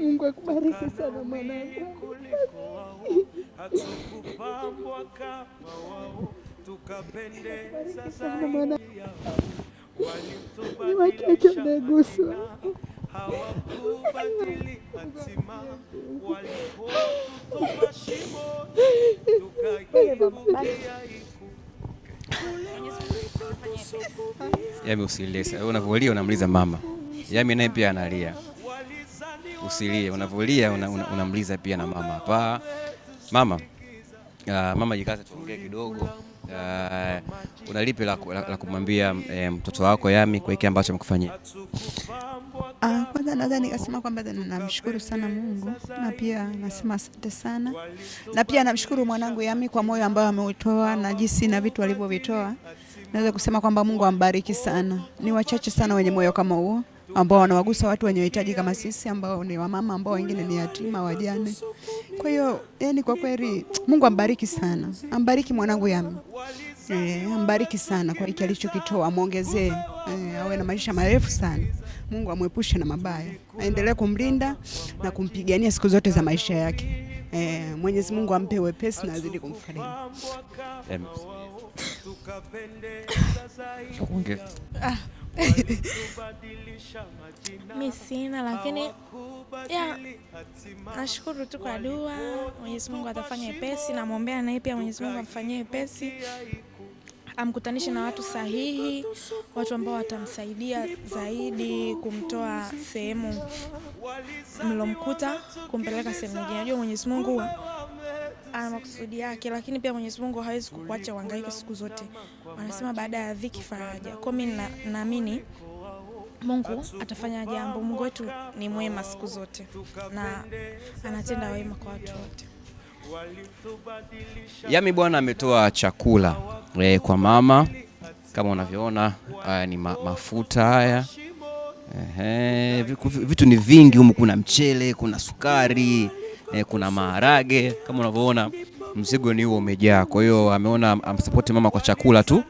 Mungu akubariki sana mwanangu. Ni wachache wameguswa. Yaani unavyolia unamliza mama Yami yaani naye pia analia, usilie, unavyolia unamliza una, una pia na mama hapa mama, uh, mama jikaza, tuongee kidogo uh, ah, unalipi la, la, la kumwambia eh, mtoto wako Yami kwa hiki ambacho amekufanyia? Uh, kwanza naweza nikasema kwamba namshukuru sana Mungu na pia nasema asante sana, na pia namshukuru mwanangu Yami kwa moyo ambao ameutoa na jinsi na vitu alivyovitoa. Naweza kusema kwamba Mungu ambariki sana. Ni wachache sana wenye moyo kama huo ambao wanawagusa watu wenye uhitaji kama sisi, ambao ni wamama, ambao wengine ni yatima, wajane. Kwa hiyo yani, kwa kweli Mungu ambariki sana, ambariki mwanangu Yami e, ambariki sana kwa hiki alichokitoa, amwongezee eh, awe na maisha marefu sana. Mungu amwepushe na mabaya, aendelee kumlinda na kumpigania siku zote za maisha yake. E, Mwenyezi Mungu ampe wepesi na azidi kumfariji mi sina, lakini ya nashukuru tu kwa dua. Mwenyezi Mungu atafanya ipesi, namwombea naye pia Mwenyezi Mungu amfanyie epesi amkutanishe na watu sahihi, watu ambao watamsaidia zaidi kumtoa sehemu mlomkuta kumpeleka sehemu nyingine. Najua Mwenyezi Mungu ana makusudi yake, lakini pia Mwenyezi Mungu hawezi kukuacha uhangaike siku zote. Wanasema baada ya dhiki faraja. Kwa mimi naamini Mungu atafanya jambo. Mungu wetu ni mwema siku zote na anatenda wema kwa watu wote. Yami bwana ametoa chakula e, kwa mama kama unavyoona, haya ni ma mafuta haya. Ehe, vitu ni vingi humu, kuna mchele, kuna sukari eh, kuna maharage kama unavyoona, mzigo ni huo umejaa. Kwa hiyo ameona amsapoti mama kwa chakula tu.